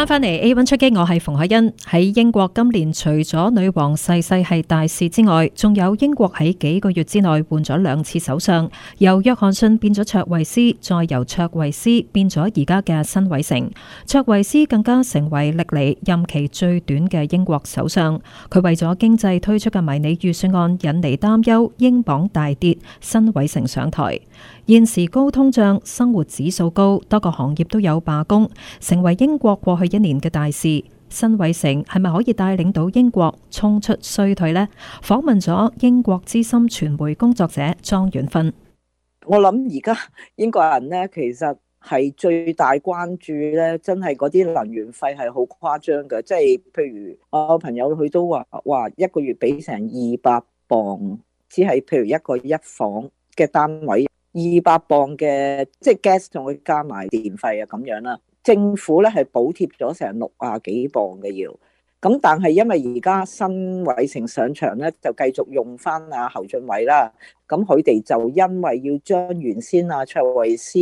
翻返嚟 A o n 出擊，我係馮海欣。喺英國，今年除咗女王逝世係大事之外，仲有英國喺幾個月之內換咗兩次首相，由約翰遜變咗卓維斯，再由卓維斯變咗而家嘅新偉成。卓維斯更加成為歷嚟任期最短嘅英國首相。佢為咗經濟推出嘅迷你預算案引嚟擔憂，英鎊大跌。新偉成上台，現時高通脹、生活指數高，多個行業都有罷工，成為英國過去。一年嘅大事，辛偉誠係咪可以帶領到英國衝出衰退咧？訪問咗英國資深傳媒工作者莊遠芬，我諗而家英國人咧，其實係最大關注咧，真係嗰啲能源費係好誇張嘅，即係譬如我朋友佢都話，話一個月俾成二百磅，只係譬如一個一房嘅單位。二百磅嘅即係 gas，仲要加埋電費啊咁樣啦。政府咧係補貼咗成六啊幾磅嘅要，咁但係因為而家辛偉誠上場咧，就繼續用翻啊侯俊偉啦。咁佢哋就因為要將原先啊卓慧思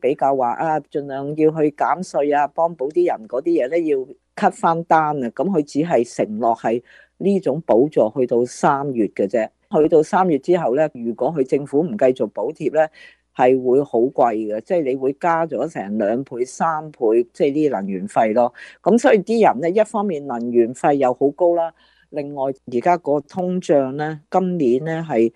比較話啊，盡量要去減稅啊，幫補啲人嗰啲嘢咧要 cut 翻單啊。咁佢只係承諾係呢種補助去到三月嘅啫。去到三月之後咧，如果佢政府唔繼續補貼咧，係會好貴嘅，即係你會加咗成兩倍、三倍，即係啲能源費咯。咁所以啲人咧，一方面能源費又好高啦，另外而家個通脹咧，今年咧係。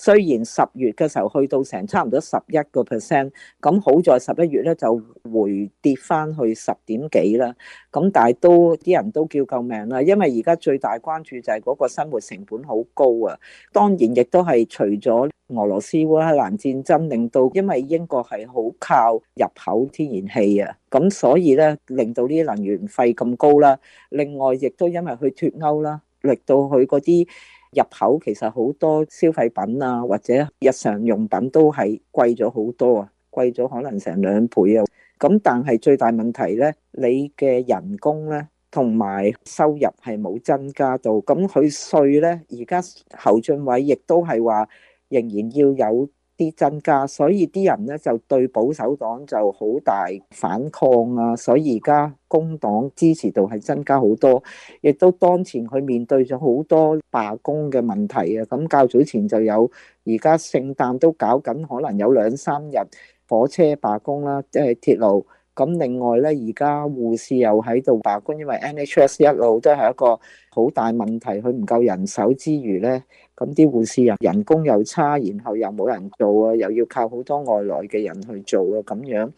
雖然十月嘅時候去到成差唔多十一個 percent，咁好在十一月咧就回跌翻去十點幾啦。咁但係都啲人都叫救命啦，因為而家最大關注就係嗰個生活成本好高啊。當然亦都係除咗俄羅斯烏克蘭戰爭令到，因為英國係好靠入口天然氣啊，咁所以咧令到呢啲能源費咁高啦。另外亦都因為去脫歐啦，令到佢嗰啲。入口其實好多消費品啊，或者日常用品都係貴咗好多啊，貴咗可能成兩倍啊。咁但係最大問題呢，你嘅人工呢，同埋收入係冇增加到。咁佢稅呢，而家侯俊偉亦都係話仍然要有。啲增加，所以啲人咧就對保守黨就好大反抗啊！所以而家工黨支持度係增加好多，亦都當前佢面對咗好多罷工嘅問題啊！咁較早前就有，而家聖誕都搞緊，可能有兩三日火車罷工啦，即係鐵路。咁另外咧，而家護士又喺度罷工，因為 NHS 一路都係一個好大問題，佢唔夠人手之餘咧，咁啲護士又人工又差，然後又冇人做啊，又要靠好多外來嘅人去做啊，咁樣。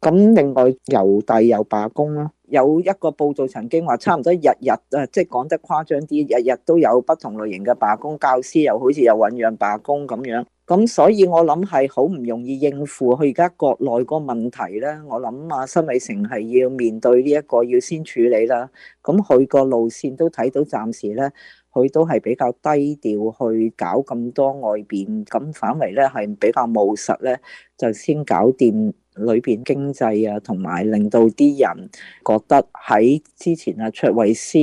咁另外郵遞又罷工啦，有一個報道曾經話，差唔多日日啊，即係講得誇張啲，日日都有不同類型嘅罷工，教師又好似又醞釀罷工咁樣。咁所以我諗係好唔容易應付佢而家國內個問題咧，我諗啊，辛偉誠係要面對呢、這、一個要先處理啦。咁佢個路線都睇到，暫時咧佢都係比較低調去搞咁多外邊，咁反為咧係比較務實咧，就先搞掂裏邊經濟啊，同埋令到啲人覺得喺之前啊，卓慧思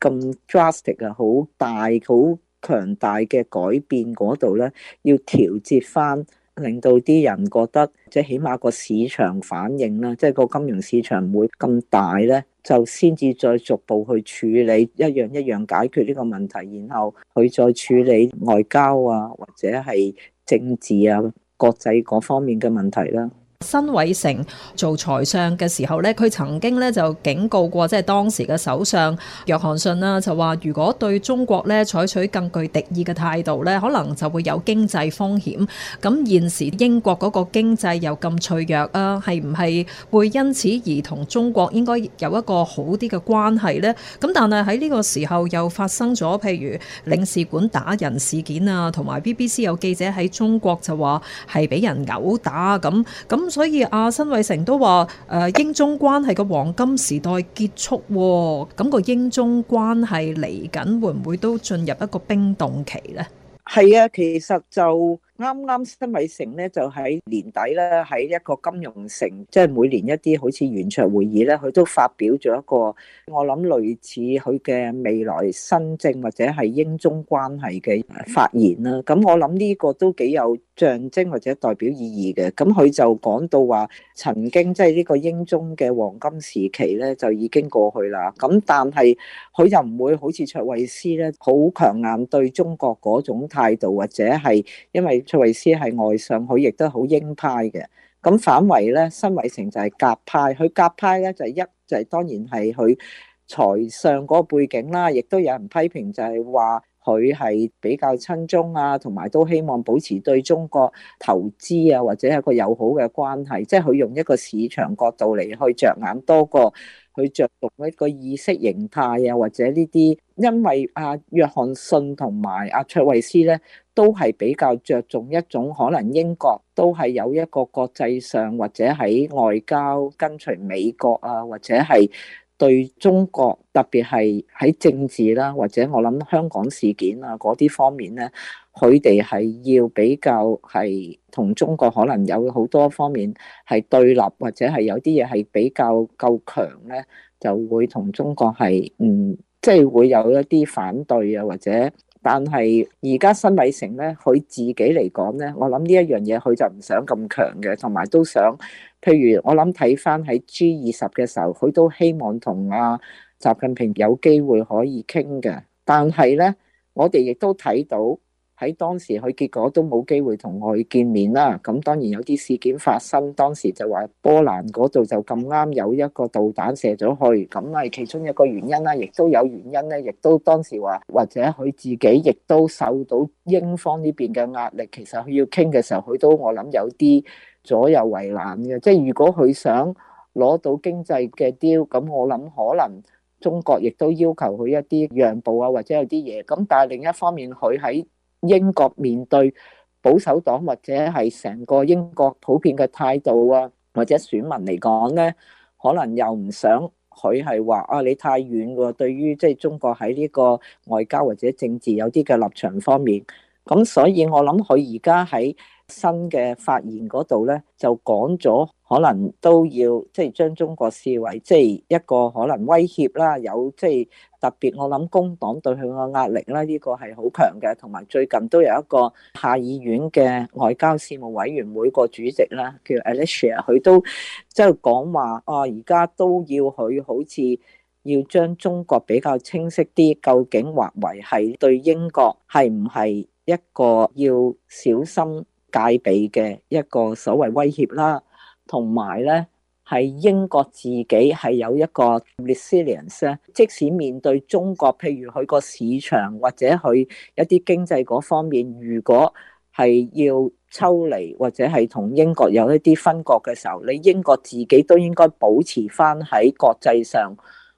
咁 drastic 啊，好大好，強大嘅改變嗰度咧，要調節返，令到啲人覺得，即係起碼個市場反應啦，即係個金融市場唔會咁大咧，就先至再逐步去處理一樣一樣解決呢個問題，然後佢再處理外交啊或者係政治啊國際嗰方面嘅問題啦。新偉誠做財相嘅時候呢，佢曾經呢就警告過，即係當時嘅首相約翰遜啦，就話如果對中國呢採取更具敵意嘅態度呢，可能就會有經濟風險。咁現時英國嗰個經濟又咁脆弱啊，係唔係會因此而同中國應該有一個好啲嘅關係呢？咁但係喺呢個時候又發生咗，譬如領事館打人事件啊，同埋 BBC 有記者喺中國就話係俾人毆打咁咁。所以阿辛偉誠都話誒、啊，英中關係個黃金時代結束、啊，咁、嗯那個英中關係嚟緊會唔會都進入一個冰凍期咧？係啊，其實就。啱啱新米城咧就喺年底咧，喺一個金融城，即係每年一啲好似圓桌會議咧，佢都發表咗一個我諗類似佢嘅未來新政或者係英中關係嘅發言啦。咁我諗呢個都幾有象徵或者代表意義嘅。咁佢就講到話，曾經即係呢個英中嘅黃金時期咧就已經過去啦。咁但係佢就唔會好似卓慧斯咧好強硬對中國嗰種態度，或者係因為卓慧思係外相，佢亦都好鷹派嘅。咁反為咧，辛偉誠就係鴿派。佢鴿派咧就係、是、一就係、是、當然係佢財相嗰個背景啦。亦都有人批評就係話佢係比較親中啊，同埋都希望保持對中國投資啊，或者一個友好嘅關係。即係佢用一個市場角度嚟去着眼多過去着重一個意識形態啊，或者呢啲。因為阿、啊、約翰遜同埋阿卓慧思咧。都係比較着重一種，可能英國都係有一個國際上或者喺外交跟隨美國啊，或者係對中國特別係喺政治啦，或者我諗香港事件啊嗰啲方面呢，佢哋係要比較係同中國可能有好多方面係對立，或者係有啲嘢係比較夠強呢，就會同中國係唔，即係會有一啲反對啊，或者。但係而家辛偉誠咧，佢自己嚟講咧，我諗呢一樣嘢佢就唔想咁強嘅，同埋都想，譬如我諗睇翻喺 G 二十嘅時候，佢都希望同阿習近平有機會可以傾嘅。但係咧，我哋亦都睇到。喺當時佢結果都冇機會同我去見面啦，咁當然有啲事件發生，當時就話波蘭嗰度就咁啱有一個導彈射咗去，咁係其中一個原因啦，亦都有原因咧，亦都當時話或者佢自己亦都受到英方呢邊嘅壓力，其實佢要傾嘅時候，佢都我諗有啲左右為難嘅，即係如果佢想攞到經濟嘅 deal，咁我諗可能中國亦都要求佢一啲讓步啊，或者有啲嘢，咁但係另一方面佢喺英國面對保守黨或者係成個英國普遍嘅態度啊，或者選民嚟講咧，可能又唔想佢係話啊，你太遠喎。對於即係中國喺呢個外交或者政治有啲嘅立場方面，咁所以我諗佢而家喺新嘅發言嗰度咧，就講咗。可能都要即係將中國視為即係一個可能威脅啦，有即係特別，我諗工黨對佢個壓力啦，呢個係好強嘅，同埋最近都有一個下議院嘅外交事務委員會個主席啦，叫 Alicia，佢都即係講話啊，而家都要佢好似要將中國比較清晰啲，究竟華為係對英國係唔係一個要小心戒備嘅一個所謂威脅啦？同埋咧，係英國自己係有一個 resilience 即使面對中國，譬如佢個市場或者佢一啲經濟嗰方面，如果係要抽離或者係同英國有一啲分割嘅時候，你英國自己都應該保持翻喺國際上，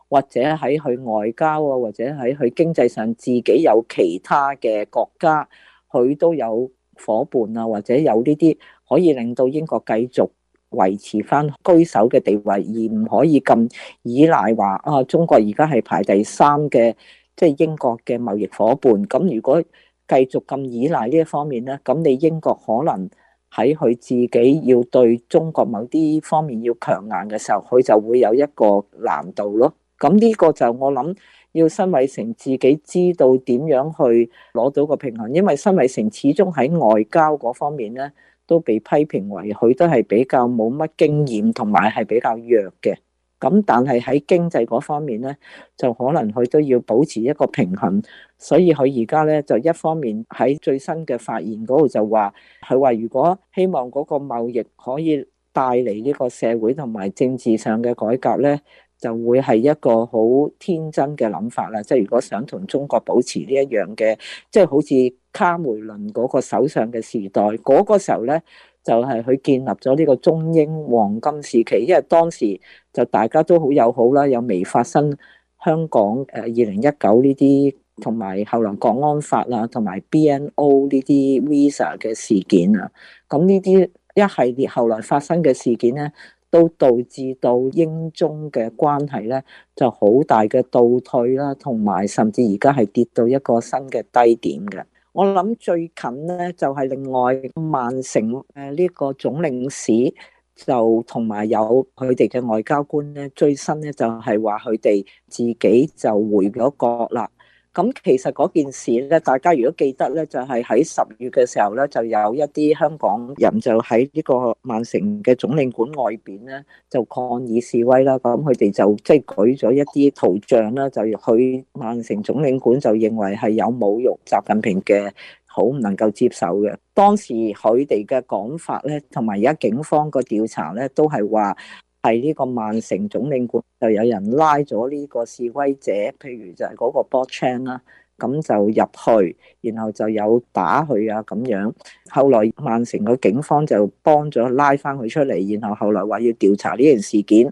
或者喺佢外交啊，或者喺佢經濟上，自己有其他嘅國家，佢都有伙伴啊，或者有呢啲可以令到英國繼續。維持翻居首嘅地位，而唔可以咁依賴話啊，中國而家係排第三嘅，即係英國嘅貿易夥伴。咁如果繼續咁依賴呢一方面呢，咁你英國可能喺佢自己要對中國某啲方面要強硬嘅時候，佢就會有一個難度咯。咁呢個就我諗要辛偉誠自己知道點樣去攞到個平衡，因為辛偉誠始終喺外交嗰方面呢。都被批評為佢都係比較冇乜經驗同埋係比較弱嘅。咁但係喺經濟嗰方面咧，就可能佢都要保持一個平衡。所以佢而家咧就一方面喺最新嘅發言嗰度就話，佢話如果希望嗰個貿易可以帶嚟呢個社會同埋政治上嘅改革咧，就會係一個好天真嘅諗法啦，即係如果想同中國保持呢一樣嘅，即係好似卡梅倫嗰個首相嘅時代，嗰個時候咧，就係佢建立咗呢個中英黃金時期，因為當時就大家都好友好啦，又未發生香港誒二零一九呢啲，同埋後來國安法啊，同埋 BNO 呢啲 visa 嘅事件啊，咁呢啲一系列後來發生嘅事件咧，都導致到英中嘅關係咧，就好大嘅倒退啦，同埋甚至而家係跌到一個新嘅低點嘅。我諗最近咧，就係另外曼城誒呢個總領事，就同埋有佢哋嘅外交官咧，最新咧就係話佢哋自己就回咗國啦。咁其實嗰件事咧，大家如果記得咧，就係喺十月嘅時候咧，就有一啲香港人就喺呢個曼城嘅總領館外邊咧，就抗議示威啦。咁佢哋就即係舉咗一啲圖像啦，就去曼城總領館就認為係有侮辱習近平嘅，好唔能夠接受嘅。當時佢哋嘅講法咧，同埋而家警方個調查咧，都係話，係呢個曼城總領館就有人拉咗呢個示威者，譬如就係嗰個 Bob Chan 啦，咁就入去，然後就有打佢啊咁樣。後來曼城嘅警方就幫咗拉翻佢出嚟，然後後來話要調查呢件事件，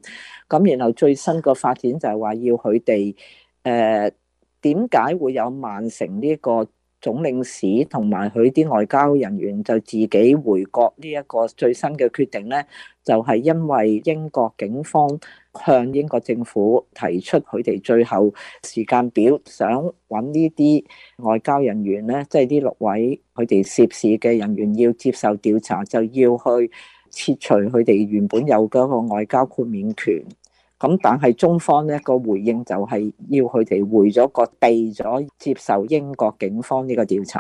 咁然後最新個發展就係話要佢哋誒，點解會有曼城呢個？總領事同埋佢啲外交人員就自己回國呢一個最新嘅決定呢，就係因為英國警方向英國政府提出佢哋最後時間表，想揾呢啲外交人員呢，即係呢六位佢哋涉事嘅人員要接受調查，就要去撤除佢哋原本有嗰個外交豁免權。咁但係中方呢個回應就係要佢哋回咗個避咗接受英國警方呢個調查。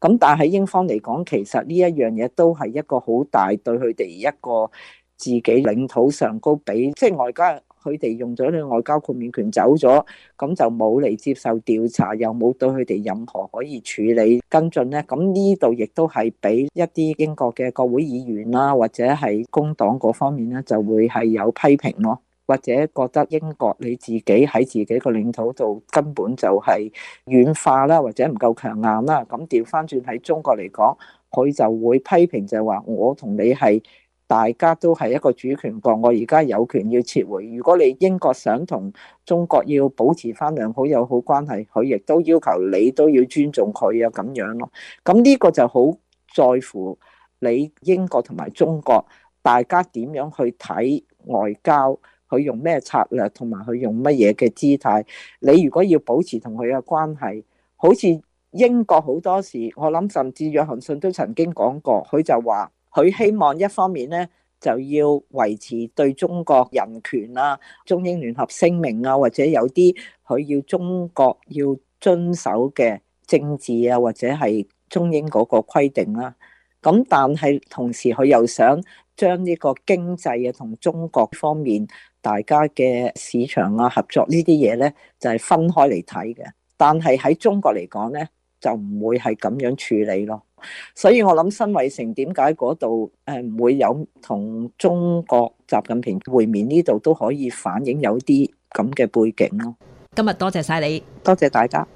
咁但係英方嚟講，其實呢一樣嘢都係一個好大對佢哋一個自己領土上高比，即係外交佢哋用咗呢外交豁免權走咗，咁就冇嚟接受調查，又冇對佢哋任何可以處理跟進呢咁呢度亦都係俾一啲英國嘅國會議員啦，或者係工黨嗰方面呢，就會係有批評咯。或者覺得英國你自己喺自己個領土度根本就係軟化啦，或者唔夠強硬啦。咁掉返轉喺中國嚟講，佢就會批評就係話：我同你係大家都係一個主權國，我而家有權要撤回。如果你英國想同中國要保持返良好友好關係，佢亦都要求你都要尊重佢啊，咁樣咯。咁呢個就好在乎你英國同埋中國大家點樣去睇外交。佢用咩策略，同埋佢用乜嘢嘅姿態，你如果要保持同佢嘅關係，好似英國好多時，我諗甚至約翰遜都曾經講過，佢就話，佢希望一方面咧就要維持對中國人權啊、中英聯合聲明啊，或者有啲佢要中國要遵守嘅政治啊，或者係中英嗰個規定啦，啊。咁但係同時，佢又想將呢個經濟啊同中國方面。大家嘅市場啊，合作呢啲嘢呢，就係、是、分開嚟睇嘅。但係喺中國嚟講呢，就唔會係咁樣處理咯。所以我諗辛偉誠點解嗰度唔會有同中國習近平會面呢度都可以反映有啲咁嘅背景咯。今日多謝晒你，多謝大家。